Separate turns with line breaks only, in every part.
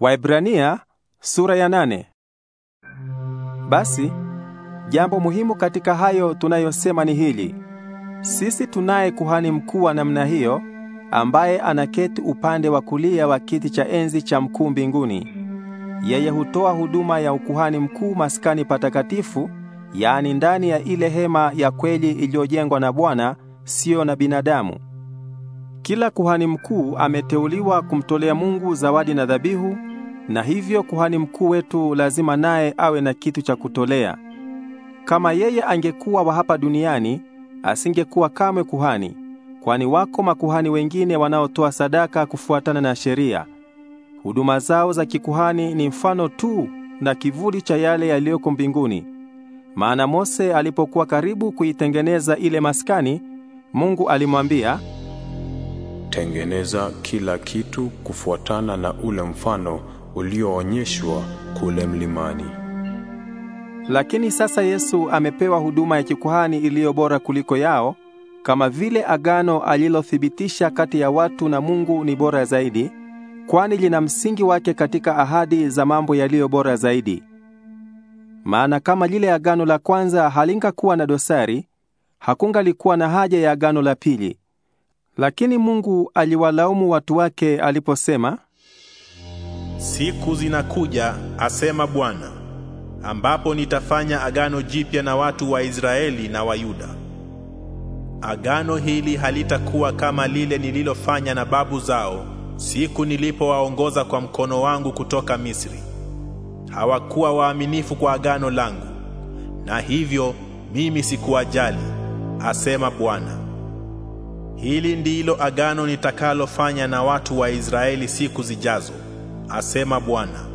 Waibrania sura ya nane. Basi jambo muhimu katika hayo tunayosema ni hili: sisi tunaye kuhani mkuu wa namna hiyo ambaye anaketi upande wa kulia wa kiti cha enzi cha mkuu mbinguni. Yeye hutoa huduma ya ukuhani mkuu maskani patakatifu, yaani ndani ya ile hema ya kweli iliyojengwa na Bwana, sio na binadamu. Kila kuhani mkuu ameteuliwa kumtolea Mungu zawadi na dhabihu, na hivyo kuhani mkuu wetu lazima naye awe na kitu cha kutolea. Kama yeye angekuwa wa hapa duniani, asingekuwa kamwe kuhani, kwani wako makuhani wengine wanaotoa sadaka kufuatana na sheria. Huduma zao za kikuhani ni mfano tu na kivuli cha yale yaliyoko mbinguni. Maana Mose alipokuwa karibu kuitengeneza ile maskani, Mungu alimwambia kutengeneza kila kitu kufuatana na ule mfano ulioonyeshwa kule mlimani. Lakini sasa Yesu amepewa huduma ya kikuhani iliyo bora kuliko yao, kama vile agano alilothibitisha kati ya watu na Mungu ni bora zaidi, kwani lina msingi wake katika ahadi za mambo yaliyo bora zaidi. Maana kama lile agano la kwanza halingakuwa na dosari, hakungalikuwa na haja ya agano la pili. Lakini Mungu aliwalaumu watu wake aliposema,
siku zinakuja, asema Bwana, ambapo nitafanya agano jipya na watu wa Israeli na wa Yuda. Agano hili halitakuwa kama lile nililofanya na babu zao siku nilipowaongoza kwa mkono wangu kutoka Misri. Hawakuwa waaminifu kwa agano langu, na hivyo mimi sikuwajali, asema Bwana. Hili ndilo agano nitakalofanya na watu wa Israeli siku zijazo, asema Bwana.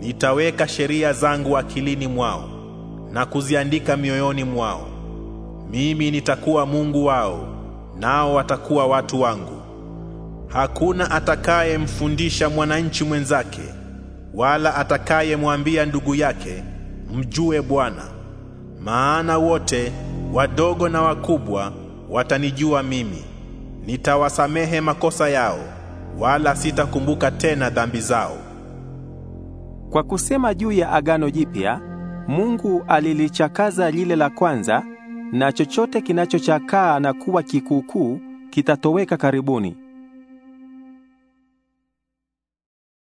Nitaweka sheria zangu akilini mwao na kuziandika mioyoni mwao. Mimi nitakuwa Mungu wao, nao watakuwa watu wangu. Hakuna atakayemfundisha mwananchi mwenzake, wala atakayemwambia ndugu yake, mjue Bwana, maana wote wadogo na wakubwa watanijua mimi. Nitawasamehe makosa yao, wala sitakumbuka tena dhambi zao. Kwa kusema juu
ya agano jipya, Mungu alilichakaza lile la kwanza, na chochote kinachochakaa na kuwa kikuukuu kitatoweka karibuni.